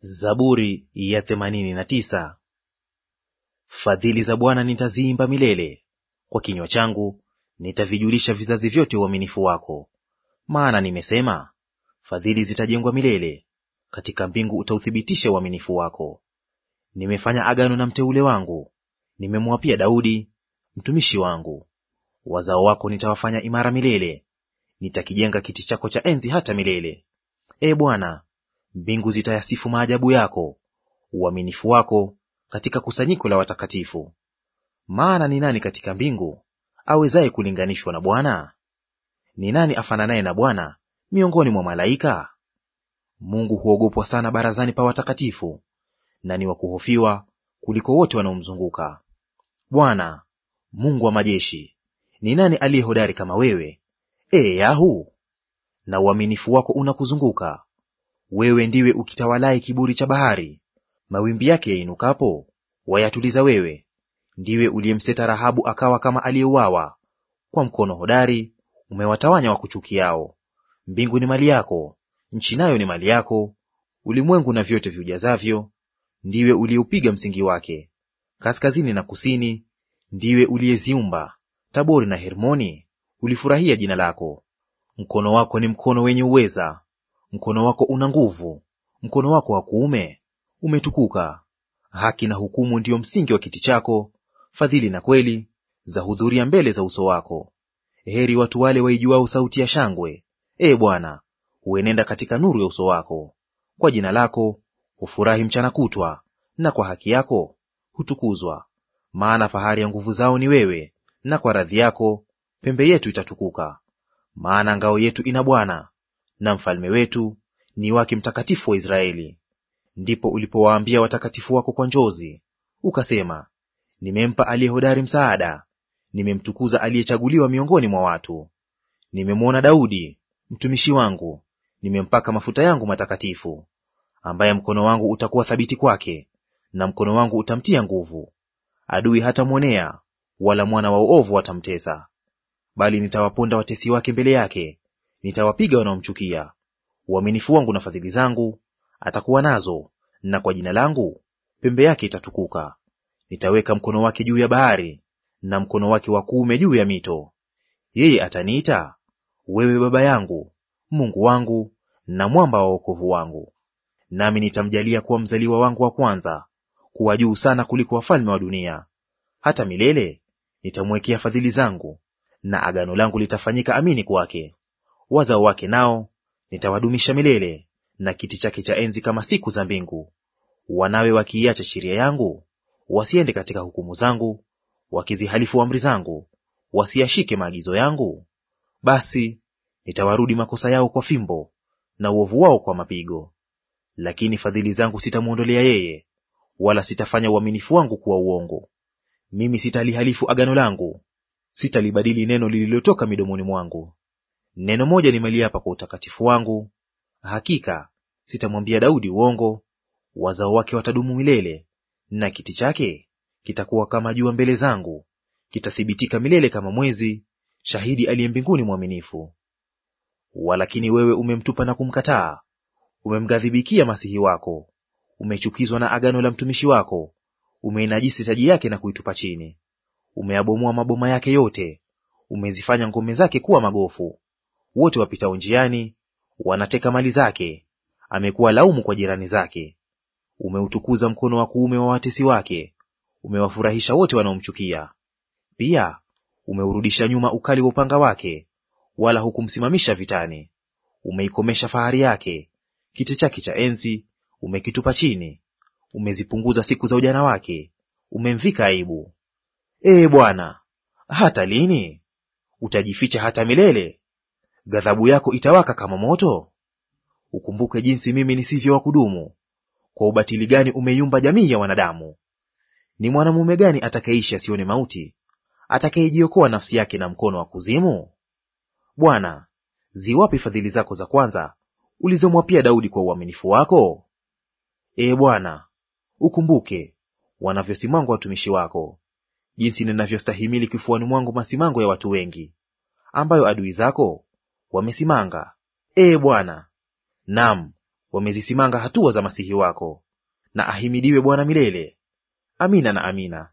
Zaburi ya themanini na tisa. Fadhili za Bwana nitaziimba milele, kwa kinywa changu nitavijulisha vizazi vyote uaminifu wako. Maana nimesema, fadhili zitajengwa milele, katika mbingu utauthibitisha uaminifu wako. Nimefanya agano na mteule wangu, nimemwapia Daudi mtumishi wangu. Wazao wako nitawafanya imara milele, nitakijenga kiti chako cha enzi hata milele. e Bwana, Mbingu zitayasifu maajabu yako, uaminifu wako katika kusanyiko la watakatifu. Maana ni nani katika mbingu awezaye kulinganishwa na Bwana? Ni nani afananaye na Bwana miongoni mwa malaika? Mungu huogopwa sana barazani pa watakatifu, na ni wa kuhofiwa kuliko wote wanaomzunguka. Bwana Mungu wa majeshi, ni nani aliye hodari kama wewe, ee Yahu? Na uaminifu wako unakuzunguka wewe ndiwe ukitawalaye kiburi cha bahari, mawimbi yake yainukapo wayatuliza wewe. Ndiwe uliyemseta Rahabu akawa kama aliyeuawa; kwa mkono hodari umewatawanya wakuchukiao. Mbingu ni mali yako, nchi nayo ni mali yako, ulimwengu na vyote viujazavyo; ndiwe uliyeupiga msingi wake. Kaskazini na kusini ndiwe uliyeziumba; Tabori na Hermoni ulifurahia jina lako. Mkono wako ni mkono wenye uweza Mkono wako una nguvu, mkono wako wa kuume umetukuka. Haki na hukumu ndiyo msingi wa kiti chako, fadhili na kweli za hudhuria mbele za uso wako. Heri watu wale waijuao sauti ya shangwe. Ee Bwana, huenenda katika nuru ya uso wako. Kwa jina lako hufurahi mchana kutwa, na kwa haki yako hutukuzwa. Maana fahari ya nguvu zao ni wewe, na kwa radhi yako pembe yetu itatukuka. Maana ngao yetu ina Bwana, na mfalme wetu ni wake mtakatifu wa Israeli. Ndipo ulipowaambia watakatifu wako kwa njozi, ukasema, nimempa aliye hodari msaada, nimemtukuza aliyechaguliwa miongoni mwa watu. Nimemwona Daudi mtumishi wangu, nimempaka mafuta yangu matakatifu, ambaye mkono wangu utakuwa thabiti kwake, na mkono wangu utamtia nguvu. Adui hatamwonea, wala mwana wa uovu atamtesa, bali nitawaponda watesi wake mbele yake Nitawapiga wanaomchukia. Uaminifu wangu na fadhili zangu atakuwa nazo, na kwa jina langu pembe yake itatukuka. Nitaweka mkono wake juu ya bahari na mkono wake wa kuume juu ya mito. Yeye ataniita wewe baba yangu, Mungu wangu, na mwamba wa wokovu wangu. Nami nitamjalia kuwa mzaliwa wangu wa kwanza, kuwa juu sana kuliko wafalme wa dunia. Hata milele nitamwekea fadhili zangu, na agano langu litafanyika amini kwake. Wazao wake nao nitawadumisha milele, na kiti chake cha enzi kama siku za mbingu. Wanawe wakiiacha sheria yangu, wasiende katika hukumu zangu, wakizihalifu amri zangu, wasiyashike maagizo yangu, basi nitawarudi makosa yao kwa fimbo na uovu wao kwa mapigo. Lakini fadhili zangu sitamwondolea yeye, wala sitafanya uaminifu wangu kuwa uongo. Mimi sitalihalifu agano langu, sitalibadili neno lililotoka midomoni mwangu. Neno moja nimeliapa kwa utakatifu wangu, hakika sitamwambia Daudi uongo. Wazao wake watadumu milele, na kiti chake kitakuwa kama jua mbele zangu, kitathibitika milele kama mwezi, shahidi aliye mbinguni mwaminifu. Walakini wewe umemtupa na kumkataa, umemghadhibikia masihi wako, umechukizwa na agano la mtumishi wako, umeinajisi taji yake na kuitupa chini, umeyabomoa maboma yake yote, umezifanya ngome zake kuwa magofu wote wapitao njiani wanateka mali zake, amekuwa laumu kwa jirani zake. Umeutukuza mkono wa kuume wa watesi wake, umewafurahisha wote wanaomchukia. Pia umeurudisha nyuma ukali wa upanga wake, wala hukumsimamisha vitani. Umeikomesha fahari yake, kiti chake cha enzi umekitupa chini, umezipunguza siku za ujana wake, umemvika aibu. Ee Bwana, hata lini? Utajificha hata milele? ghadhabu yako itawaka kama moto? Ukumbuke jinsi mimi nisivyo wa kudumu, kwa ubatili gani umeyumba jamii ya wanadamu. Ni mwanamume gani atakayeishi asione mauti, atakayejiokoa nafsi yake na mkono wa kuzimu? Bwana, ziwapi fadhili zako za kwanza ulizomwapia Daudi kwa uaminifu wako? Ee Bwana, ukumbuke wanavyosimangwa watumishi wako, jinsi ninavyostahimili kifuani mwangu masimango ya watu wengi, ambayo adui zako wamesimanga, ee Bwana, nam wamezisimanga hatua za masihi wako. Na ahimidiwe Bwana milele. Amina na amina.